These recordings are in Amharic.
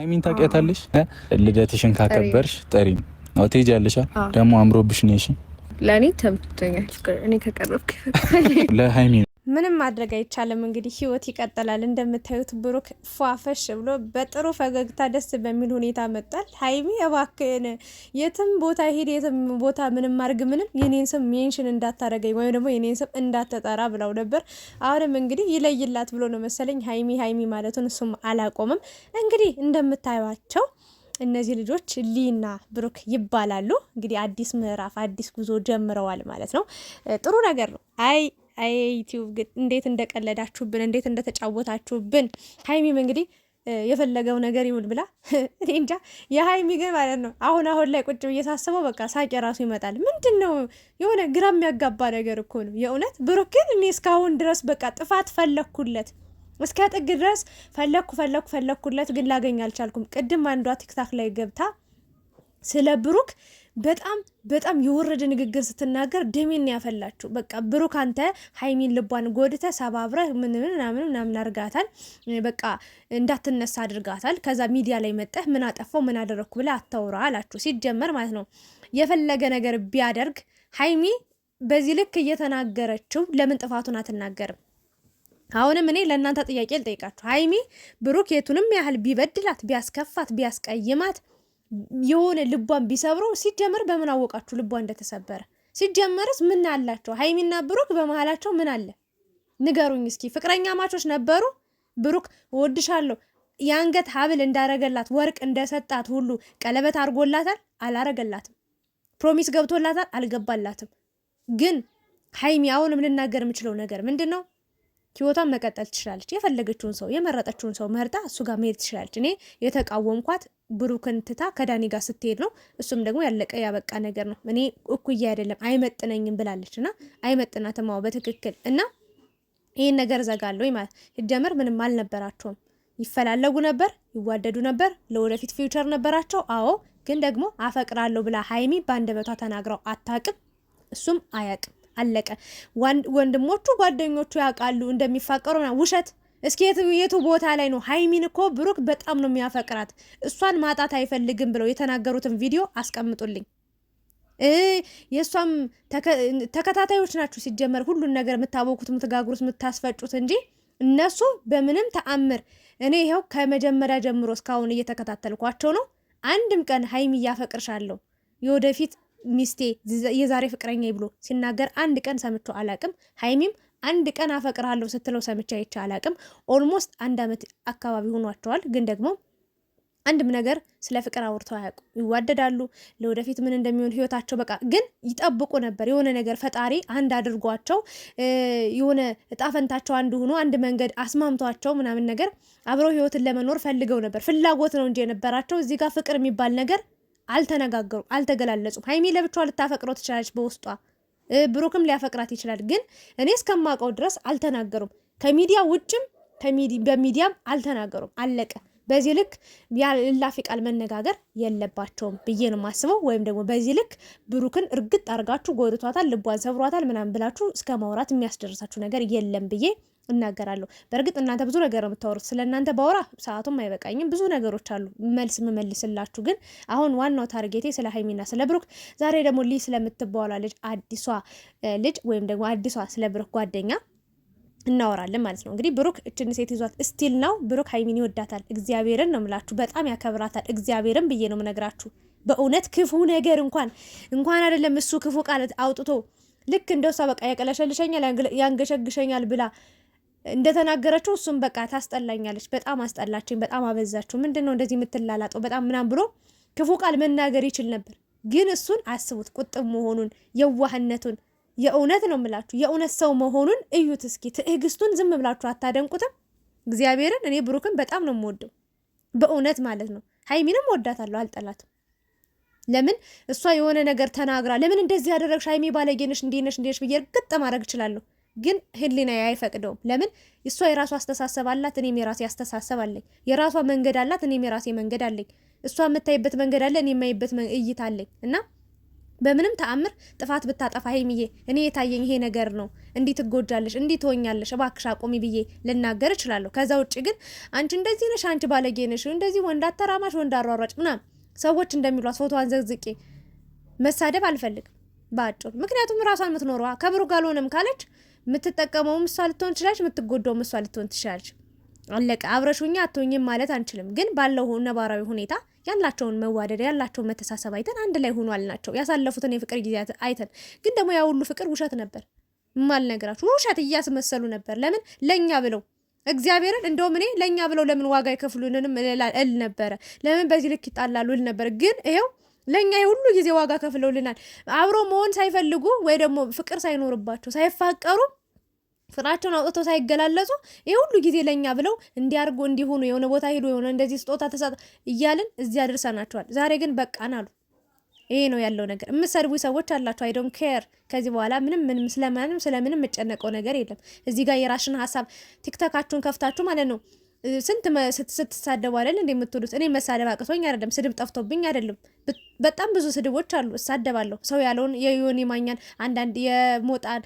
ሀይሚን ታውቂያታለሽ? ልደትሽን ካከበርሽ ጠሪ ነው ትሄጃለሽ። ደግሞ አምሮብሽ ነሽ። ለእኔ ተምቶኛል። እኔ ከቀረብክ ለሀይሚ ምንም ማድረግ አይቻልም። እንግዲህ ህይወት ይቀጥላል። እንደምታዩት ብሩክ ፏፈሽ ብሎ በጥሩ ፈገግታ ደስ በሚል ሁኔታ መጣል። ሀይሚ እባክህን የትም ቦታ ሄድ፣ የትም ቦታ ምንም አድርግ፣ ምንም የኔን ስም ሜንሽን እንዳታረገኝ ወይም ደግሞ የኔን ስም እንዳትጠራ ብለው ነበር። አሁንም እንግዲህ ይለይላት ብሎ ነው መሰለኝ ሀይሚ ሀይሚ ማለቱን እሱም አላቆምም። እንግዲህ እንደምታዩቸው እነዚህ ልጆች ሊና ብሩክ ይባላሉ። እንግዲህ አዲስ ምዕራፍ አዲስ ጉዞ ጀምረዋል ማለት ነው። ጥሩ ነገር ነው። አይ አይ ዩቲዩብ እንዴት እንደቀለዳችሁብን፣ እንዴት እንደተጫወታችሁብን። ሀይሚም እንግዲህ የፈለገው ነገር ይውል ብላ እኔ እንጃ። የሀይሚ ግን ማለት ነው አሁን አሁን ላይ ቁጭ ብዬ ሳስበው በቃ ሳቄ ራሱ ይመጣል። ምንድን ነው የሆነ ግራ የሚያጋባ ነገር እኮ ነው የእውነት። ብሩክ ግን እኔ እስካሁን ድረስ በቃ ጥፋት ፈለግኩለት እስከ ጥግ ድረስ ፈለግኩ ፈለግኩ ፈለግኩለት፣ ግን ላገኝ አልቻልኩም። ቅድም አንዷ ቲክታክ ላይ ገብታ ስለ ብሩክ በጣም በጣም የወረደ ንግግር ስትናገር ደሜን ያፈላችሁ። በቃ ብሩክ አንተ ሀይሚን ልቧን ጎድተ ሰባብረህ ምንምን ምናምን ምናምን አድርጋታል። በቃ እንዳትነሳ አድርጋታል። ከዛ ሚዲያ ላይ መጠህ ምን አጠፋው ምን አደረግኩ ብለ አታውራ አላችሁ። ሲጀመር ማለት ነው የፈለገ ነገር ቢያደርግ ሀይሚ በዚህ ልክ እየተናገረችው ለምን ጥፋቱን አትናገርም? አሁንም እኔ ለእናንተ ጥያቄ ልጠይቃችሁ። ሀይሚ ብሩክ የቱንም ያህል ቢበድላት ቢያስከፋት ቢያስቀይማት የሆነ ልቧን ቢሰብረው ሲጀመር በምን አወቃችሁ ልቧ እንደተሰበረ? ሲጀመርስ ምን አላቸው? ሀይሚና ብሩክ በመሀላቸው ምን አለ ንገሩኝ እስኪ። ፍቅረኛ ማቾች ነበሩ? ብሩክ ወድሻለሁ የአንገት ሀብል እንዳረገላት ወርቅ እንደሰጣት ሁሉ ቀለበት አድርጎላታል? አላረገላትም። ፕሮሚስ ገብቶላታል? አልገባላትም። ግን ሀይሚ አሁንም ልናገር የምችለው ነገር ምንድን ነው? ህይወቷን መቀጠል ትችላለች። የፈለገችውን ሰው የመረጠችውን ሰው መርጣ እሱ ጋር መሄድ ትችላለች። እኔ የተቃወምኳት ብሩክን ትታ ከዳኒ ጋር ስትሄድ ነው። እሱም ደግሞ ያለቀ ያበቃ ነገር ነው። እኔ እኩያ አይደለም አይመጥነኝም ብላለች እና አይመጥናትም። አዎ በትክክል እና ይህን ነገር ዘጋለሁ ማለት ሲጀምር ምንም አልነበራቸውም። ይፈላለጉ ነበር፣ ይዋደዱ ነበር፣ ለወደፊት ፊውቸር ነበራቸው። አዎ ግን ደግሞ አፈቅራለሁ ብላ ሀይሚ በአንደበቷ ተናግረው አታውቅም። እሱም አያውቅም። አለቀ። ወንድሞቹ ጓደኞቹ ያውቃሉ እንደሚፋቀሩ ውሸት እስኪ የቱ ቦታ ላይ ነው? ሀይሚን እኮ ብሩክ በጣም ነው የሚያፈቅራት እሷን ማጣት አይፈልግም ብለው የተናገሩትን ቪዲዮ አስቀምጡልኝ። የእሷም ተከታታዮች ናችሁ ሲጀመር ሁሉን ነገር የምታወቁት የምትጋግሩት፣ የምታስፈጩት እንጂ እነሱ በምንም ተአምር እኔ ይኸው ከመጀመሪያ ጀምሮ እስካሁን እየተከታተልኳቸው ነው። አንድም ቀን ሀይሚ እያፈቅርሻለሁ የወደፊት ሚስቴ የዛሬ ፍቅረኛ ብሎ ሲናገር አንድ ቀን ሰምቼው አላቅም። ሀይሚም አንድ ቀን አፈቅርሃለሁ ስትለው ሰምቼ አይቼ አላቅም። ኦልሞስት አንድ ዓመት አካባቢ ሆኗቸዋል ግን ደግሞ አንድም ነገር ስለ ፍቅር አውርተው አያውቁ። ይዋደዳሉ። ለወደፊት ምን እንደሚሆን ህይወታቸው በቃ ግን ይጠብቁ ነበር። የሆነ ነገር ፈጣሪ አንድ አድርጓቸው የሆነ እጣፈንታቸው አንድ ሆኖ አንድ መንገድ አስማምቷቸው ምናምን ነገር አብረው ህይወትን ለመኖር ፈልገው ነበር። ፍላጎት ነው እንጂ የነበራቸው እዚህ ጋር ፍቅር የሚባል ነገር አልተነጋገሩም፣ አልተገላለጹም። ሀይሚ ለብቻዋ ልታፈቅረው ትችላለች በውስጧ ብሩክም ሊያፈቅራት ይችላል። ግን እኔ እስከማውቀው ድረስ አልተናገሩም። ከሚዲያ ውጭም በሚዲያም አልተናገሩም። አለቀ። በዚህ ልክ ያላፊ ቃል መነጋገር የለባቸውም ብዬ ነው የማስበው። ወይም ደግሞ በዚህ ልክ ብሩክን እርግጥ አድርጋችሁ ጎድቷታል፣ ልቧን ሰብሯታል ምናምን ብላችሁ እስከ ማውራት የሚያስደርሳችሁ ነገር የለም ብዬ እናገራለሁ። በእርግጥ እናንተ ብዙ ነገር የምታወሩት። ስለ እናንተ ባወራ ሰዓቱም አይበቃኝም። ብዙ ነገሮች አሉ መልስ የምመልስላችሁ። ግን አሁን ዋናው ታርጌቴ ስለ ሀይሚና ስለ ብሩክ፣ ዛሬ ደግሞ ሊ ስለምትባሏ ልጅ አዲሷ ልጅ ወይም ደግሞ አዲሷ ስለ ብሩክ ጓደኛ እናወራለን ማለት ነው። እንግዲህ ብሩክ እችን ሴት ይዟት ስቲል ነው ብሩክ ሀይሚን ይወዳታል። እግዚአብሔርን ነው ምላችሁ፣ በጣም ያከብራታል። እግዚአብሔርን ብዬ ነው ምነግራችሁ። በእውነት ክፉ ነገር እንኳን እንኳን አይደለም እሱ ክፉ ቃል አውጥቶ ልክ እንደው እሷ በቃ ያቀለሸልሸኛል፣ ያንገሸግሸኛል ብላ እንደተናገረችው እሱም በቃ ታስጠላኛለች፣ በጣም አስጠላችኝ፣ በጣም አበዛችሁ፣ ምንድን ነው እንደዚህ የምትላላጠው በጣም ምናም ብሎ ክፉ ቃል መናገር ይችል ነበር። ግን እሱን አስቡት፣ ቁጥብ መሆኑን፣ የዋህነቱን የእውነት ነው የምላችሁ የእውነት ሰው መሆኑን እዩት እስኪ። ትዕግስቱን ዝም ብላችሁ አታደንቁትም? እግዚአብሔርን እኔ ብሩክን በጣም ነው የምወደው በእውነት ማለት ነው። ሀይሚንም ወዳታለሁ አልጠላትም። ለምን እሷ የሆነ ነገር ተናግራ ለምን እንደዚህ ያደረግሽ ሀይሜ ባለጌነሽ እንዲነሽ እንዲነሽ ብዬ እርግጥ ማድረግ እችላለሁ። ግን ህሊና አይፈቅደውም። ለምን? እሷ የራሷ አስተሳሰብ አላት፣ እኔም የራሴ አስተሳሰብ አለኝ። የራሷ መንገድ አላት፣ እኔም የራሴ መንገድ አለኝ። እሷ የምታይበት መንገድ አለ፣ እኔ የማይበት እይታ አለኝ እና በምንም ተአምር ጥፋት ብታጠፋ ሀይሚዬ፣ እኔ የታየኝ ይሄ ነገር ነው፣ እንዲህ ትጎጃለሽ፣ እንዲህ ትሆኛለሽ፣ እባክሽ አቁሚ ብዬ ልናገር እችላለሁ። ከዛ ውጭ ግን አንቺ እንደዚህ ነሽ፣ አንቺ ባለጌ ነሽ፣ እንደዚህ ወንድ አተራማሽ፣ ወንድ አሯሯጭ ምናምን ሰዎች እንደሚሏት ፎቶዋን ዘግዝቄ መሳደብ አልፈልግም በአጭሩ። ምክንያቱም ራሷን የምትኖረዋ ከብሩ ጋር አልሆነም ካለች የምትጠቀመው እሷ ልትሆን ትችላለች፣ የምትጎዳውም እሷ ልትሆን ትችላለች። አለቀ። አብረሹኛ አትሆኝም ማለት አንችልም፣ ግን ባለው ነባራዊ ሁኔታ ያላቸውን መዋደድ ያላቸውን መተሳሰብ አይተን አንድ ላይ ሆኗል ናቸው ያሳለፉትን የፍቅር ጊዜያት አይተን ግን ደግሞ ያ ሁሉ ፍቅር ውሸት ነበር። ማል ነገራችሁ ውሸት እያስመሰሉ ነበር። ለምን ለእኛ ብለው እግዚአብሔርን እንደውም እኔ ለእኛ ብለው ለምን ዋጋ ይከፍሉንንም እል ነበረ። ለምን በዚህ ልክ ይጣላሉ እል ነበር። ግን ይሄው ለእኛ ይሄ ሁሉ ጊዜ ዋጋ ከፍለውልናል። አብሮ መሆን ሳይፈልጉ ወይ ደግሞ ፍቅር ሳይኖርባቸው ሳይፋቀሩም ፍቅራቸውን አውጥተው ሳይገላለጹ ይህ ሁሉ ጊዜ ለእኛ ብለው እንዲያርጎ እንዲሆኑ የሆነ ቦታ ሄዶ የሆነ እንደዚህ ስጦታ ተሳ እያልን እዚያ ደርሰናቸዋል። ዛሬ ግን በቃን አሉ። ይሄ ነው ያለው ነገር። የምትሰድቡ ሰዎች አላችሁ። አይ ዶንት ኬር። ከዚህ በኋላ ምንም ምንም ስለማንም ስለምንም የምጨነቀው ነገር የለም። እዚህ ጋር የራሽን ሀሳብ ቲክታካችሁን ከፍታችሁ ማለት ነው ስንት ስትሳደቡ አይደል እንዴ የምትሉት? እኔ መሳደብ አቅቶኝ አይደለም፣ ስድብ ጠፍቶብኝ አይደለም። በጣም ብዙ ስድቦች አሉ፣ እሳደባለሁ። ሰው ያለውን የዮኒ ማኛን አንዳንድ የሞጣን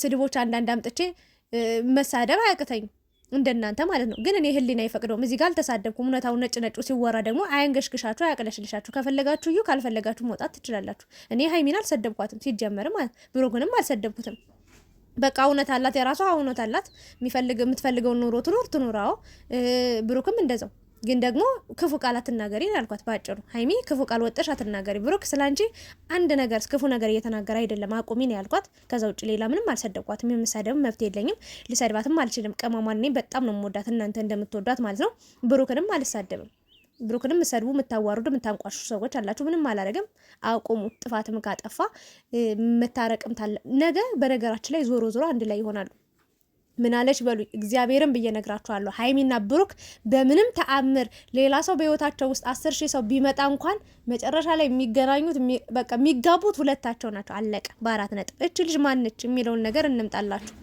ስድቦች አንዳንድ አምጥቼ መሳደብ አያቅተኝ እንደናንተ ማለት ነው። ግን እኔ ህሊና አይፈቅደውም። እዚህ ጋር አልተሳደብኩም። እውነታው ነጭ ነጩ ሲወራ ደግሞ አያንገሽግሻችሁ፣ አያቅለሽልሻችሁ። ከፈለጋችሁ እዩ፣ ካልፈለጋችሁ መውጣት ትችላላችሁ። እኔ ሀይሚን አልሰደብኳትም ሲጀመር ማለት ብሩክንም አልሰደብኩትም። በቃ እውነት አላት፣ የራሷ እውነት አላት። የምትፈልገውን ኑሮ ትኖር ትኖራው። ብሩክም እንደዛው ግን ደግሞ ክፉ ቃል አትናገሪ አልኳት። ባጭሩ ሀይሚ ክፉ ቃል ወጥሽ አትናገሪ፣ ብሩክ ስለ አንቺ አንድ ነገር ክፉ ነገር እየተናገረ አይደለም አቁሚ ነው ያልኳት። ከዛ ውጭ ሌላ ምንም አልሰደብኳትም። የምሰደብ መብት የለኝም፣ ልሰድባትም አልችልም። ቀማሟን እኔ በጣም ነው የምወዳት፣ እናንተ እንደምትወዷት ማለት ነው። ብሩክንም አልሳደብም። ብሩክንም የምትሰድቡ የምታዋርዱ፣ የምታንቋሹ ሰዎች አላችሁ። ምንም አላደረግም። አቁሙ። ጥፋትም ካጠፋ መታረቅም ታለ ነገ በነገራችን ላይ ዞሮ ዞሮ አንድ ላይ ይሆናሉ። ምናለች በሉ እግዚአብሔርን ብዬ ነግራችኋለሁ። ሀይሚና ብሩክ በምንም ተአምር ሌላ ሰው በህይወታቸው ውስጥ አስር ሺህ ሰው ቢመጣ እንኳን መጨረሻ ላይ የሚገናኙት በቃ የሚጋቡት ሁለታቸው ናቸው። አለቀ በአራት ነጥብ። እች ልጅ ማነች የሚለውን ነገር እንምጣላችሁ።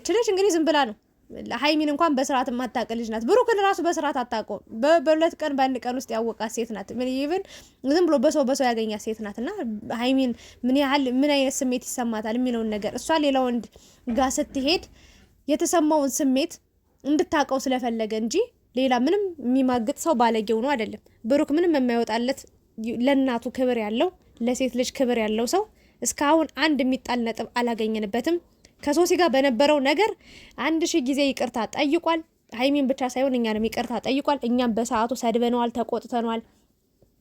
እች ልጅ እንግዲህ ዝም ብላ ነው ሀይሚን እንኳን በስርዓት የማታውቅ ልጅ ናት። ብሩክን ራሱ በስርዓት አታውቀውም። በሁለት ቀን በአንድ ቀን ውስጥ ያወቃት ሴት ናት። ይብን ዝም ብሎ በሰው በሰው ያገኛት ሴት ናት እና ሀይሚን ምን ያህል ምን አይነት ስሜት ይሰማታል የሚለውን ነገር እሷ ሌላ ወንድ ጋር ስትሄድ የተሰማውን ስሜት እንድታውቀው ስለፈለገ እንጂ ሌላ ምንም የሚማግጥ ሰው ባለጌው ነው አይደለም። ብሩክ ምንም የማይወጣለት ለእናቱ ክብር ያለው ለሴት ልጅ ክብር ያለው ሰው እስካሁን አንድ የሚጣል ነጥብ አላገኘንበትም። ከሶሲ ጋር በነበረው ነገር አንድ ሺህ ጊዜ ይቅርታ ጠይቋል። ሀይሚን ብቻ ሳይሆን እኛንም ይቅርታ ጠይቋል። እኛም በሰዓቱ ሰድበነዋል፣ ተቆጥተነዋል፣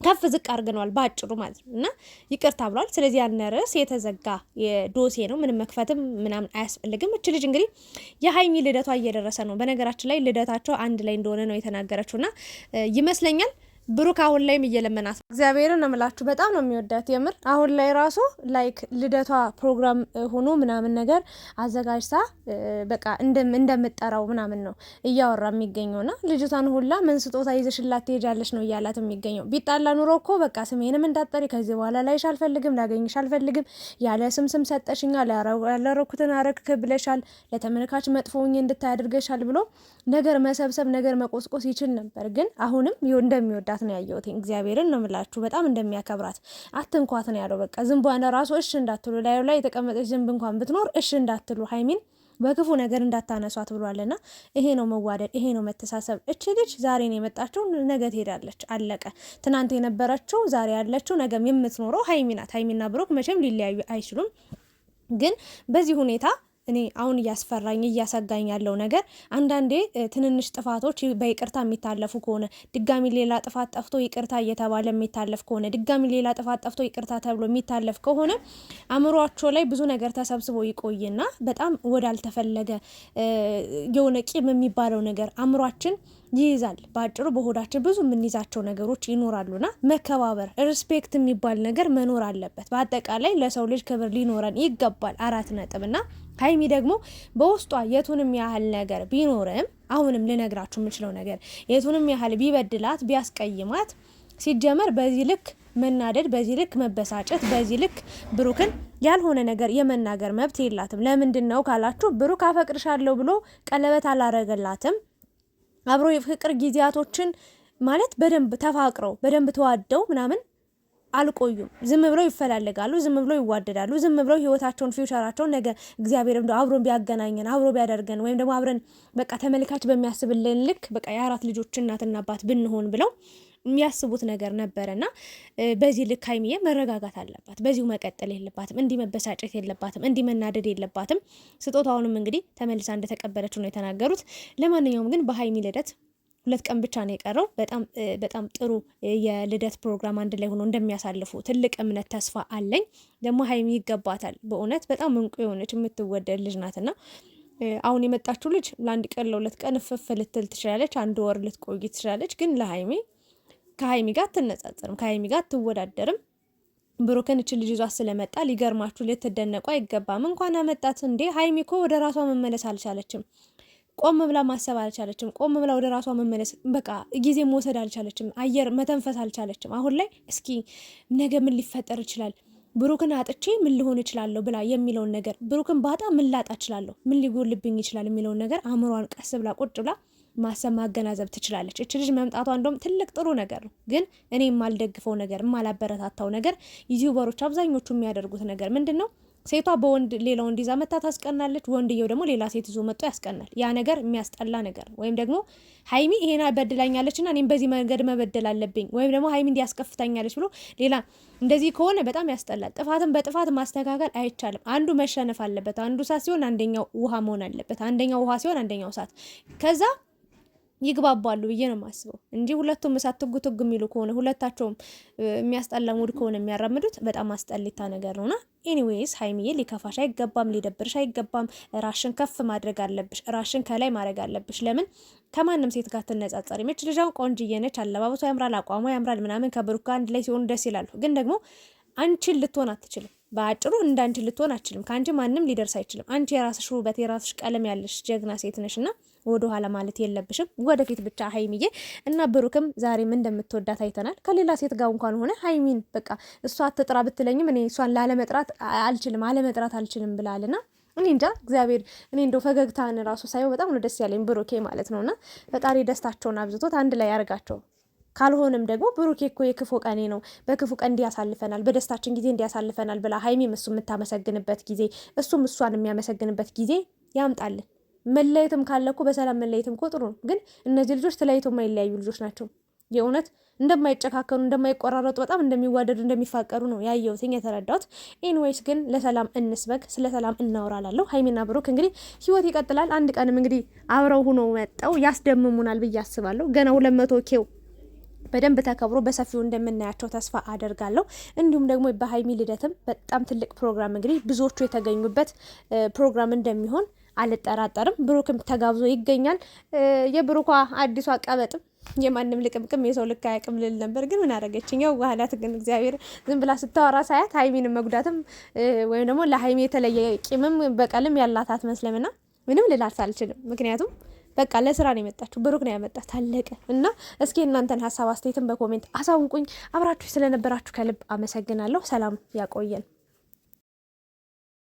ከፍ ዝቅ አድርገነዋል በአጭሩ ማለት ነው እና ይቅርታ ብሏል። ስለዚህ ያን ርዕስ የተዘጋ የዶሴ ነው። ምንም መክፈትም ምናምን አያስፈልግም። እች ልጅ እንግዲህ የሀይሚ ልደቷ እየደረሰ ነው። በነገራችን ላይ ልደታቸው አንድ ላይ እንደሆነ ነው የተናገረችው እና ይመስለኛል ብሩክ አሁን ላይም እየለመናት እግዚአብሔርን ነው የምላችሁ። በጣም ነው የሚወዳት የምር። አሁን ላይ ራሱ ላይክ ልደቷ ፕሮግራም ሆኖ ምናምን ነገር አዘጋጅታ በቃ እንደምጠራው ምናምን ነው እያወራ የሚገኘው ና ልጅቷን ሁላ ምን ስጦታ ይዘሽላት ትሄጃለች ነው እያላት የሚገኘው። ቢጣላ ኑሮ እኮ በቃ ስሜንም እንዳጠሪ ከዚህ በኋላ ላይሽ አልፈልግም፣ ላገኝሽ አልፈልግም፣ ያለ ስም ስም ሰጠሽኛ፣ ያላረኩትን አረክክ ብለሻል፣ ለተመልካች መጥፎኝ እንድታያደርገሻል ብሎ ነገር መሰብሰብ ነገር መቆስቆስ ይችል ነበር። ግን አሁንም እንደሚወዳ ሲሰዳት ነው ያየሁት። እግዚአብሔርን ነው ምላችሁ፣ በጣም እንደሚያከብራት አትንኳት ነው ያለው። በቃ ዝንቧን ራሱ እሽ እንዳትሉ፣ ላዩ ላይ የተቀመጠች ዝንብ እንኳን ብትኖር እሽ እንዳትሉ ሀይሚን በክፉ ነገር እንዳታነሷት ብሏልና፣ ይሄ ነው መዋደድ፣ ይሄ ነው መተሳሰብ። እች ልጅ ዛሬ ነው የመጣችው፣ ነገ ትሄዳለች። አለቀ። ትናንት የነበረችው ዛሬ ያለችው፣ ነገም የምትኖረው ሀይሚ ናት። ሀይሚና ብሩክ መቼም ሊለያዩ አይችሉም። ግን በዚህ ሁኔታ እኔ አሁን እያስፈራኝ እያሰጋኝ ያለው ነገር አንዳንዴ ትንንሽ ጥፋቶች በይቅርታ የሚታለፉ ከሆነ ድጋሚ ሌላ ጥፋት ጠፍቶ ይቅርታ እየተባለ የሚታለፍ ከሆነ ድጋሚ ሌላ ጥፋት ጠፍቶ ይቅርታ ተብሎ የሚታለፍ ከሆነ አእምሯቸው ላይ ብዙ ነገር ተሰብስቦ ይቆይና በጣም ወዳልተፈለገ የሆነ ቂም የሚባለው ነገር አእምሯችን ይይዛል። በአጭሩ በሆዳችን ብዙ የምንይዛቸው ነገሮች ይኖራሉና መከባበር፣ ሪስፔክት የሚባል ነገር መኖር አለበት። በአጠቃላይ ለሰው ልጅ ክብር ሊኖረን ይገባል። አራት ነጥብና ሀይሚ ደግሞ በውስጧ የቱንም ያህል ነገር ቢኖርም አሁንም ልነግራችሁ የምችለው ነገር የቱንም ያህል ቢበድላት ቢያስቀይማት ሲጀመር በዚህ ልክ መናደድ በዚህ ልክ መበሳጨት በዚህ ልክ ብሩክን ያልሆነ ነገር የመናገር መብት የላትም። ለምንድን ነው ካላችሁ ብሩክ አፈቅርሻለሁ ብሎ ቀለበት አላረገላትም። አብሮ የፍቅር ጊዜያቶችን ማለት በደንብ ተፋቅረው በደንብ ተዋደው ምናምን አልቆዩም። ዝም ብለው ይፈላለጋሉ፣ ዝም ብለው ይዋደዳሉ፣ ዝም ብለው ህይወታቸውን ፊውቸራቸውን ነገ እግዚአብሔር እንደው አብሮ ቢያገናኘን አብሮ ቢያደርገን ወይም ደግሞ አብረን በቃ ተመልካች በሚያስብልን ልክ በቃ የአራት ልጆች እናትና አባት ብንሆን ብለው የሚያስቡት ነገር ነበረና በዚህ ልክ ሀይሚዬ መረጋጋት አለባት። በዚሁ መቀጠል የለባትም። እንዲህ መበሳጨት የለባትም። እንዲህ መናደድ የለባትም። ስጦታውንም እንግዲህ ተመልሳ እንደተቀበለችው ነው የተናገሩት። ለማንኛውም ግን በሀይሚ ልደት ሁለት ቀን ብቻ ነው የቀረው። በጣም ጥሩ የልደት ፕሮግራም አንድ ላይ ሆኖ እንደሚያሳልፉ ትልቅ እምነት ተስፋ አለኝ። ደግሞ ሀይሚ ይገባታል። በእውነት በጣም እንቁ የሆነች የምትወደድ ልጅ ናትና አሁን የመጣችው ልጅ ለአንድ ቀን ለሁለት ቀን እፍፍ ልትል ትችላለች፣ አንድ ወር ልትቆይ ትችላለች። ግን ለሀይሚ ከሀይሚ ጋር አትነጻጽርም፣ ከሀይሚ ጋር አትወዳደርም። ብሩክን እችን ልጅ ይዟት ስለመጣ ሊገርማችሁ ልትደነቁ አይገባም። እንኳን አመጣት እንዴ! ሀይሚ እኮ ወደ ራሷ መመለስ አልቻለችም። ቆም ብላ ማሰብ አልቻለችም። ቆም ብላ ወደ ራሷ መመለስ በቃ ጊዜ መውሰድ አልቻለችም። አየር መተንፈስ አልቻለችም። አሁን ላይ እስኪ ነገ ምን ሊፈጠር ይችላል ብሩክን አጥቼ ምን ልሆን እችላለሁ ብላ የሚለውን ነገር ብሩክን ባጣ ምን ላጣ እችላለሁ፣ ምን ሊጎልብኝ ይችላል የሚለውን ነገር አእምሯን ቀስ ብላ ቁጭ ብላ ማሰብ ማገናዘብ ትችላለች። እች ልጅ መምጣቷ እንደውም ትልቅ ጥሩ ነገር ነው። ግን እኔ የማልደግፈው ነገር የማላበረታታው ነገር ዩቲዩበሮች አብዛኞቹ የሚያደርጉት ነገር ምንድን ነው? ሴቷ በወንድ ሌላ ወንድ ይዛ መታ ታስቀናለች፣ ወንድየው ደግሞ ሌላ ሴት ይዞ መጥቶ ያስቀናል። ያ ነገር የሚያስጠላ ነገር ወይም ደግሞ ሀይሚ ይሄን በድላኛለች እና እኔም በዚህ መንገድ መበደል አለብኝ ወይም ደግሞ ሀይሚ እንዲያስከፍታኛለች ብሎ ሌላ እንደዚህ ከሆነ በጣም ያስጠላል። ጥፋትን በጥፋት ማስተካከል አይቻልም። አንዱ መሸነፍ አለበት። አንዱ እሳት ሲሆን አንደኛው ውሃ መሆን አለበት። አንደኛው ውሃ ሲሆን አንደኛው እሳት ከዛ ይግባባሉ ብዬ ነው የማስበው እንጂ ሁለቱም እሳት ትጉ ትጉ የሚሉ ከሆነ ሁለታቸውም የሚያስጠላ ሙድ ከሆነ የሚያራምዱት በጣም አስጠሊታ ነገር ነውና፣ ኤኒዌይስ ሀይሚዬ ሊከፋሽ አይገባም፣ ሊደብርሽ አይገባም። ራሽን ከፍ ማድረግ አለብሽ፣ ራሽን ከላይ ማድረግ አለብሽ። ለምን ከማንም ሴት ጋር ትነጻጸር? ይመች ልጃው ቆንጅዬ ነች፣ አለባበሷ ያምራል፣ አቋሟ ያምራል ምናምን ከብሩክ ጋር አንድ ላይ ሲሆኑ ደስ ይላሉ። ግን ደግሞ አንቺን ልትሆን አትችልም። በአጭሩ እንደ ልትሆን አትችልም። ከአንቺ ማንም ሊደርስ አይችልም። አንቺ የራስሽ ውበት የራስሽ ቀለም ያለሽ ጀግና ሴት ነሽ እና ወደ ኋላ ማለት የለብሽም፣ ወደፊት ብቻ ሀይሚዬ እና ብሩክም ዛሬም እንደምትወዳት አይተናል። ከሌላ ሴት ጋር እንኳን ሆነ ሀይሚን በቃ እሷ አትጥራ ብትለኝም እኔ እሷን ላለመጥራት አልችልም አለመጥራት አልችልም ብላልና እኔ እንጃ እግዚአብሔር እኔ እንደው ፈገግታን ራሱ ሳይሆን በጣም ነው ደስ ያለኝ ብሩኬ ማለት ነውና፣ ፈጣሪ ደስታቸውን አብዝቶት አንድ ላይ ያርጋቸው። ካልሆነም ደግሞ ብሩኬ እኮ የክፉ ቀኔ ነው በክፉ ቀን እንዲያሳልፈናል በደስታችን ጊዜ እንዲያሳልፈናል ብላ ሀይሚም እሱ የምታመሰግንበት ጊዜ እሱም እሷን የሚያመሰግንበት ጊዜ ያምጣልን። መለየትም ካለ እኮ በሰላም መለየትም እኮ ጥሩ ነው። ግን እነዚህ ልጆች ተለያይቶ የማይለያዩ ልጆች ናቸው። የእውነት እንደማይጨካከኑ፣ እንደማይቆራረጡ፣ በጣም እንደሚዋደዱ፣ እንደሚፋቀሩ ነው ያየሁትኝ የተረዳሁት። ኤኒዌይስ ግን ለሰላም እንስበክ፣ ስለ ሰላም እናወራላለሁ። ሀይሚና ብሩክ እንግዲህ ህይወት ይቀጥላል። አንድ ቀንም እንግዲህ አብረው ሁኖ መጠው ያስደምሙናል ብዬ አስባለሁ። ገና ሁለት መቶ ኬው በደንብ ተከብሮ በሰፊው እንደምናያቸው ተስፋ አደርጋለሁ። እንዲሁም ደግሞ በሀይሚ ልደትም በጣም ትልቅ ፕሮግራም እንግዲህ ብዙዎቹ የተገኙበት ፕሮግራም እንደሚሆን አልጠራጠርም። ብሩክም ተጋብዞ ይገኛል። የብሩኳ አዲሷ ቀበጥም የማንም ልቅምቅም የሰው ልክ አያውቅም ልል ነበር፣ ግን ምን አደረገችኝ? ያው ባህላት ግን እግዚአብሔር ዝም ብላ ስታወራ ሳያት ሀይሚን መጉዳትም ወይም ደግሞ ለሀይሚ የተለየ ቂምም በቀልም ያላት አትመስልም። ና ምንም ልላት አልችልም፣ ምክንያቱም በቃ ለስራ ነው የመጣችሁ፣ ብሩክ ነው ያመጣት፣ አለቀ። እና እስኪ እናንተን ሀሳብ አስተያየትን በኮሜንት አሳውቁኝ። አብራችሁ ስለነበራችሁ ከልብ አመሰግናለሁ። ሰላም ያቆየን።